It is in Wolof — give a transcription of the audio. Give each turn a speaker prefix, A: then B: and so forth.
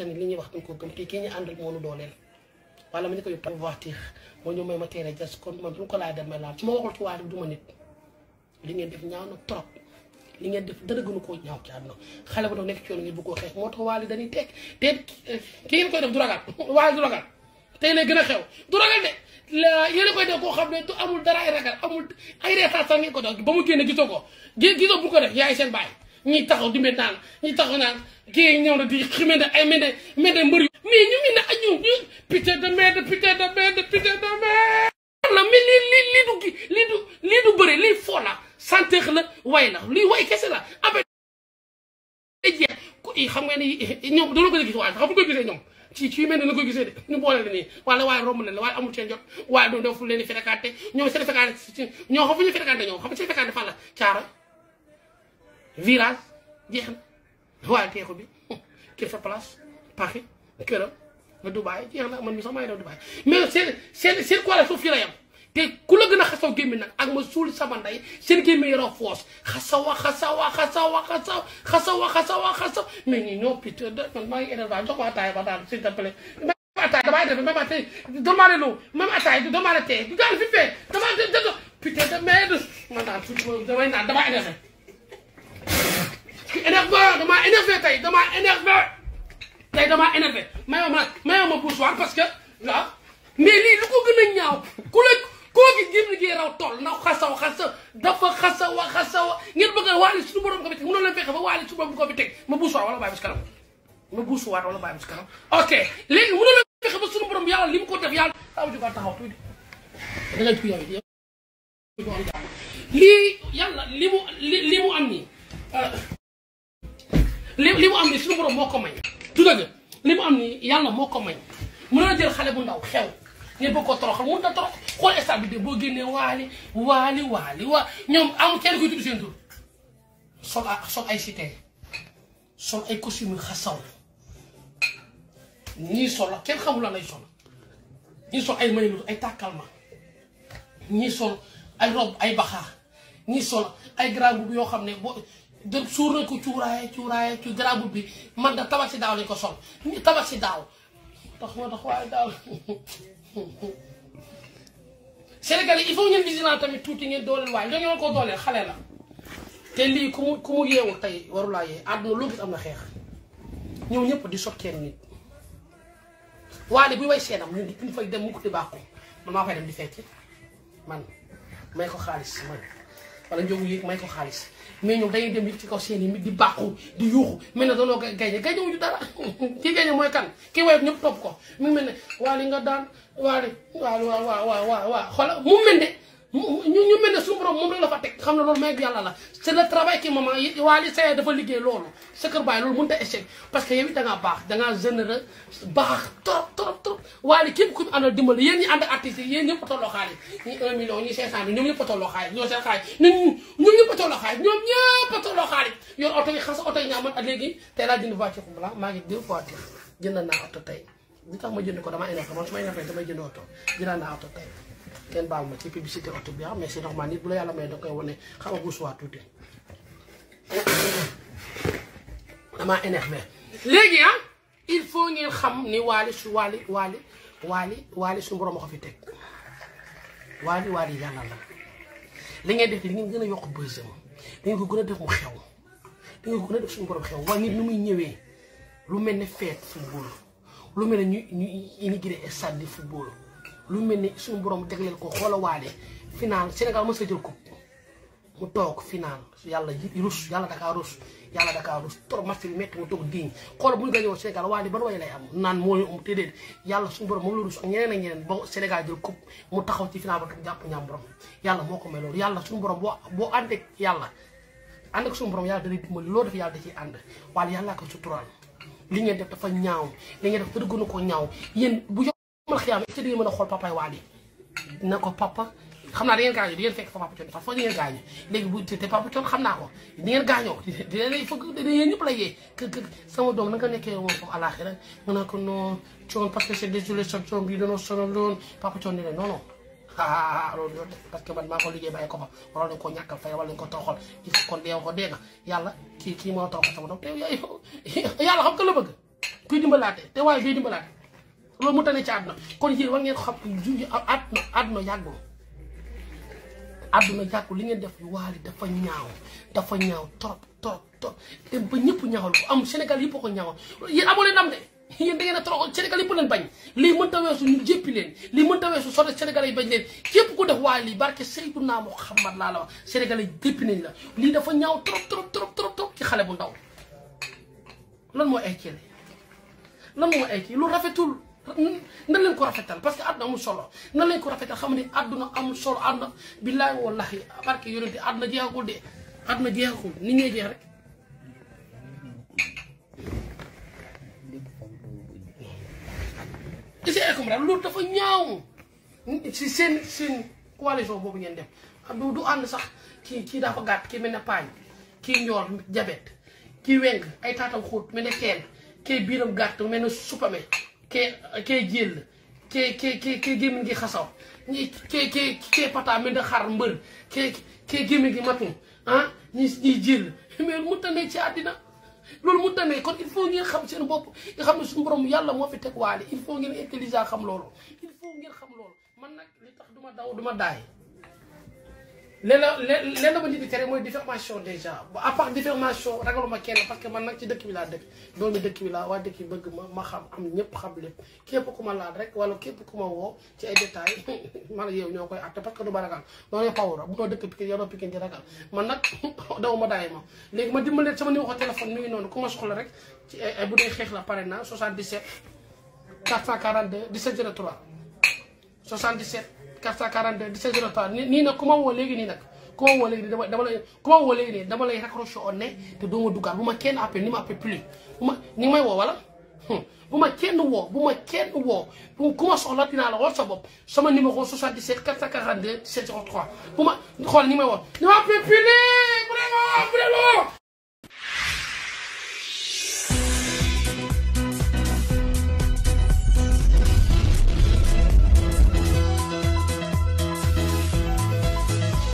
A: tamit li ñuy wax dañ ko gëm te kii ñu àndal moo nu dooleel wala ma ni ko yóbbu wax tiix moo ñu may ma teel a jas kon man ko laay dem may laal su ma waxul ci waali du ma nit li ngeen def ñaaw na trop li ngeen def dara gënu koo ñaaw ci àdduna xale bu doon nekk ci yoon ngeen bëggoo xeex moo tax waali dañuy teg te ki ngeen koy def du ragal waali du tey lay gën a xew du la yéen a koy def koo xam ne du amul dara ay ragal amul ay reetaan sax ngeen ko def ba mu génne gisoo ko gisoo bu ko def yaay seen bàyyi ñuy taxaw di mbedd naan ñuy taxaw naan kii ñëw na ay mbedd mbedd mbër yu mais ñu ngi de de merde de merde la mais lii lii lii bëri lii foo la santeex la way la lii way kese la après jeex ku i xam nga ni ñoom dana ko gis waaye xam nga koy gisee ñoom ci ci mel ne koy gisee de ñu boole la nii wala waaye romb na la waaye amul seen waaye doo def leen fréquenté ñoom seen fréquenté ñoo xam fu ñu fréquenté ñoom xam seen fréquenté fan la caara virage jeex na waaye teexu bi kii sa place Paris këram nga Dubaay jeex na man mi sax maay daw Dubaay mais seen seen seen quoi la suuf fii la yam te ku la gën a xasaw gémmi nag ak ma suul sama ndey seen gémmi yoroo foos xasawa xasawa xasawa xasaw xasawa xasawa xasaw mais ñi ñoo pit man maa ngi énervé jox ma ataaya ba daal s'il te plaît même ataaya damay def même ataaya demandé loo même ataaya demandé tee daal fi fee damay putain de merde man daal damay naan damay énervé énervé damaa énervé tey dama énervé tey damaa énervé mayoo ma mayoo ma bourgeois parce que waaw mais lii lu ko gën a ñaaw ku la koo gis ngeen liggéey raw tool ndax xasaw xasa dafa xasawa xasawa ngeen bëgg a waale suñu borom ko fi teg mënoo leen fexe ba waale suñu borom ko fi teg ma bourgeois wala bàyyi ba si kanam ma bourgeois wala bàyyi ba si kanam ok léegi mënoo leen fexe ba suñu borom yàlla li mu ko def yàlla aw jugaa li mu li mu am euh, li li mu am nii suñu borom moo ko may. du dëgg li mu am nii yàlla moo ko may mën na jël xale bu ndaw xew ngeen bëgg koo toroxal mënut a torox xool stade bi de boo génnee waali waali waali waa ñoom am kenn ko tudd seen tur. sol a ay cité sol ay costume xasaw ñii sol kenn xamul lan lay sol ñii ay maillot ay tàkkalma ñii sol ay robe ay baxa ñii sol ay grand boubou yoo xam ne dem suur nañ ko cuuraaye cuuraaye ci garaabu bi man da si daaw lañ ko sol ñu si daaw tax moo tax waaye daaw Sénégalais il faut ngeen vigilant tamit tuuti ngeen dooleel waaye ñoo ngi ko dooleel xale la te lii ku mu ku mu yeewul tey warulaay yee àdduna loo gis am na xeex ñëw ñëpp di sokkeen nit waale buy way seenam ñu duñ fay dem mu ko di baax ko man maa koy dem di fekki man may ko xaalis man wala Ndiogou yéeg may ko xaalis mais ñoom dañuy dem ci kaw seen yi di bàqu di yuuxu mel ne dañoo gañe gañe wuñu dara kii gañe mooy kan kii woyof ñëpp topp ko mu ngi mel ne waali nga daan waali waali waa waa waa waa xoola mu mel ne ñu ñu moom moom rek la fa teg xam ne loolu may bi yàlla la c' est le travail qui maman waali saye dafa liggéey loolu sa kër baay loolu mënut a échec parce que yow it da ngaa baax da ngaa généreux baax trop trop trop waali képp ku àndal dimbali yéen ñi ànd artistes yi yéen ñëpp a tolloo xaalis ñi un million ñi cinq cent mille ñoom ñëpp a tolloo xaalis ñoo seen xaalis ñun ñoom ñëpp a tolloo xaalis ñoom ñëpp a tolloo xaalis yor oto yi xas oto yi ñaa man ak léegi tey laa jënd voiture blanc maa ngi deux fois jënd naa oto tey li tax ma jënd ko dama énervé man su ma énervé damay jënd oto jënd naa oto tey kenn baal ma ci publicité oto bi ah mais c'est normal nit bu la yàlla may da koy wane xaw a guusuwaat tuuti damaa ah, il faut ngeen xam ni waali su waali waali waali waali suñu borom ko fi teg waali waali yàlla la li ngeen def li ngeen gën a yokk bësam li ngeen ko gën a def mu xew li ngeen ko gën a def suñu borom xew waaye nu muy ñëwee lu mel ne fête football lu mel ne ñu ñu immigré stade de football lu mel ni suñu borom jagleel ko xoolawaale final Sénégal mos a jël coupe mu toog final yàlla rus yàlla Dakar rus yàlla Dakar rus trop match bi métti mu toog diiñ xool bu ñu gañoo Sénégal waa di la rus ak ñeneen ak ñeneen ba Sénégal jël coupe mu taxaw ci final yàlla ko may loolu yàlla suñu boo boo àndeek yàlla ànd ak suñu borom yàlla loo def yàlla da ciy ànd wala yàlla ko suturaal li ngeen def dafa ñaaw li ngeen def dëgg na ko ñaaw yéen bu mal xiyaam ci di mën a xool papaay waali na ko papa xam naa da ngeen gaañoo di ngeen fekk fa papa coon parce que di ngeen gaañoo léegi bu te papa coon xam naa ko di ngeen gaañoo dinañ fëgg yéen ñëpp la yee kër kër sama doom na nga nekkee moom foofu àllaaxira nga naan ko non coon parce que c'est désolé sa coon bi danoo sonal loon papa coon ne non non ah loolu loolu parce que man maa ko liggéey bàyyi ko fa waroon nañ koo ñàkkal fay wala nañ ko tooxal il faut kon deew ko dee nga yàlla kii kii moo tooxal sama doom te yàlla xam nga la bëgg kuy dimbalaate te waaye kuy dimbalaate loolu mu tane ci àdduna kon yéen war ngeen xam ju àdduna àdduna yàggul àdduna yàggul li ngeen def waali dafa ñaaw dafa ñaaw trop trop trop dem ba ñëpp ñaawal ko am Sénégal yëpp ko ñaawal yéen amoo leen am de yéen ngeen a trop Sénégal yëpp leen bañ lii mën ta weesu ñu jéppi leen li mën ta weesu sote Sénégal yi bañ leen képp ku def waali lii barke Seydina Muhammad laa la wax Sénégal yi jéppi nañ la lii dafa ñaaw trop trop trop trop trop ci xale bu ndaw lan moo ay lan moo ay lu rafetul nan leen ko rafetal parce que àdduna amul solo nan lañ ko rafetal xam ne àdduna amul solo àdduna billaahi wallaahi barke yonente àdduna jeexagul de àdduna jeexagul ni ngay jeex rek isi ay comprendre loolu dafa ñaaw si seen seen coalition boobu ngeen dem du du ànd sax kii kii dafa gàtt kii mel ne paañ kii njoor jabet kii weng ay taatam xóot mel ne teen kii biiram gàtt mel ne supame kee kee jéll kee ke ke ke gémmiñ gi xasaw ñi ke ke kee pata mi da xar mbër kee kee gémmiñ gi matu ah ñi ñiy jéll mais mu tane ci àddina loolu mu tane kon il faut ngeen xam seen bopp nga xam ne suñu borom yàlla moo fi teg waale il faut ngeen intelligent xam loolu il faut ngeen xam loolu man nag li tax duma daw duma daay lenn lenn ba nit di tere mooy diffamation déjà à part parce que man nag ci dëkk bi laa dëkk doomi dëkk bi laa waa dëkk bi bëgg ku ma laal rek wala képp ku ma woo ci ay détails man ak yow ñoo koy àtte parce que du ma ragal doone pawra bu noo dëkk Pikine yow doo Pikine di ragal man noonu ku ma soxla rek ci ay bu dee xeex la pare na 77 442 17 03 77 442 17 03 nii nag ku ma woo léegi nii nag ku ma woo léegi nii dama dama lay ku ma woo léegi nii dama lay raccroché au nez te doo ma duggaat bu ma kenn appel ni ma appel plus bu ma ni may woo wala hmm. bu ma kenn woo bu ma kenn woo bu ku ma soxla dinaa la woo sa bopp sama numéro 77 442 17 03 bu ma xool ni may woo ni ma appel plus